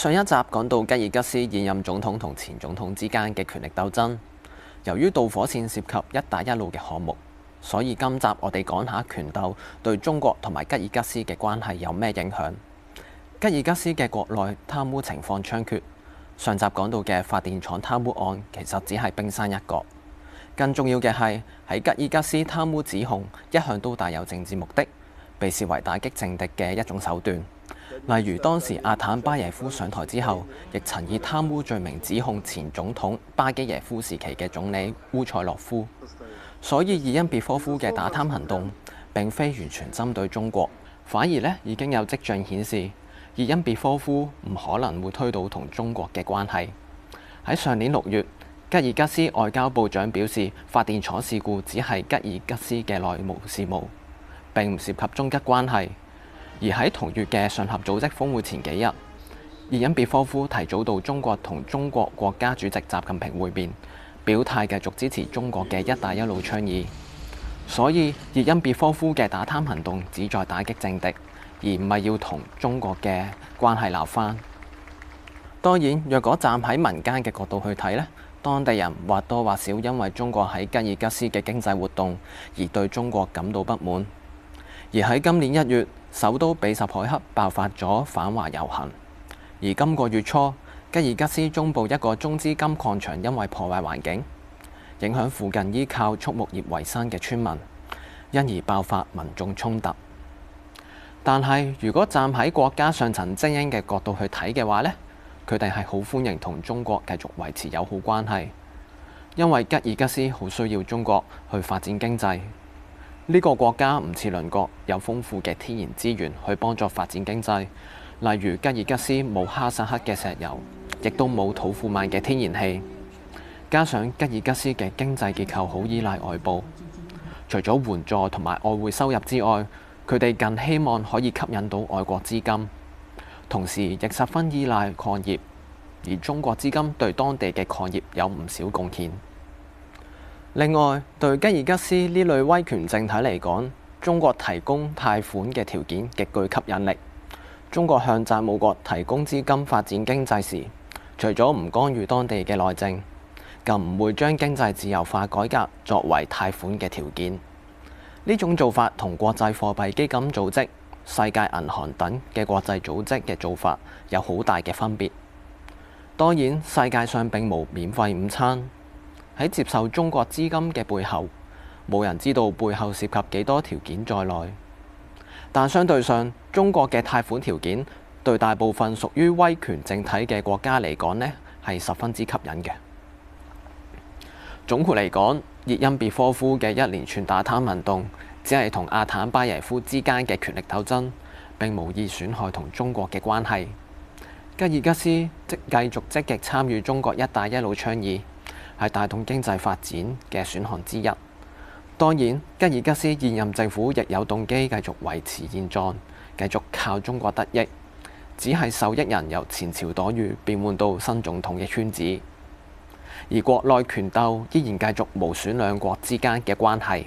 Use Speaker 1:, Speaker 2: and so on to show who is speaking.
Speaker 1: 上一集講到吉爾吉斯現任總統同前總統之間嘅權力鬥爭，由於導火線涉及一帶一路嘅項目，所以今集我哋講下權鬥對中國同埋吉爾吉斯嘅關係有咩影響。吉爾吉斯嘅國內貪污情況猖獗，上集講到嘅發電廠貪污案其實只係冰山一角，更重要嘅係喺吉爾吉斯貪污指控一向都帶有政治目的。被視為打擊政敵嘅一種手段，例如當時阿坦巴耶夫上台之後，亦曾以貪污罪名指控前總統巴基耶夫時期嘅總理烏塞洛夫。所以，伊恩別科夫嘅打貪行動並非完全針對中國，反而呢已經有跡象顯示，伊恩別科夫唔可能會推倒同中國嘅關係。喺上年六月，吉爾吉斯外交部長表示，發電廠事故只係吉爾吉斯嘅內務事務，並唔涉及中吉關係，而喺同月嘅上合組織峰會前幾日，熱恩別科夫提早到中國同中國國家主席習近平會面，表態繼續支持中國嘅「一帶一路」倡議。所以熱恩別科夫嘅打貪行動旨在打擊政敵，而唔係要同中國嘅關係鬧翻。當然，若果站喺民間嘅角度去睇呢，當地人或多或少因為中國喺吉爾吉斯嘅經濟活動而對中國感到不滿。而喺今年一月，首都比什凱克爆發咗反華遊行；而今個月初，吉爾吉斯中部一個中資金礦場因為破壞環境，影響附近依靠畜牧業為生嘅村民，因而爆發民眾衝突。但係，如果站喺國家上層精英嘅角度去睇嘅話，呢佢哋係好歡迎同中國繼續維持友好關係，因為吉爾吉斯好需要中國去發展經濟。呢個國家唔似鄰國有豐富嘅天然資源去幫助發展經濟，例如吉爾吉斯冇哈薩克嘅石油，亦都冇土庫曼嘅天然氣。加上吉爾吉斯嘅經濟結構好依賴外部，除咗援助同埋外匯收入之外，佢哋更希望可以吸引到外國資金，同時亦十分依賴礦業，而中國資金對當地嘅礦業有唔少貢獻。另外，對吉爾吉斯呢類威權政體嚟講，中國提供貸款嘅條件極具吸引力。中國向債務國提供資金發展經濟時，除咗唔干預當地嘅內政，更唔會將經濟自由化改革作為貸款嘅條件。呢種做法同國際貨幣基金組織、世界銀行等嘅國際組織嘅做法有好大嘅分別。當然，世界上並冇免費午餐。喺接受中國資金嘅背後，冇人知道背後涉及幾多條件在內。但相對上，中國嘅貸款條件對大部分屬於威權政體嘅國家嚟講呢，係十分之吸引嘅。總括嚟講，熱恩別科夫嘅一連串打貪運動，只係同阿坦巴耶夫之間嘅權力鬥爭，並無意損害同中國嘅關係。吉爾吉斯即繼續積極參與中國一帶一路倡議。係帶動經濟發展嘅選項之一。當然，吉爾吉斯現任政府亦有動機繼續維持現狀，繼續靠中國得益。只係受益人由前朝黨羽變換到新總統嘅圈子，而國內權鬥依然繼續，無損兩國之間嘅關係。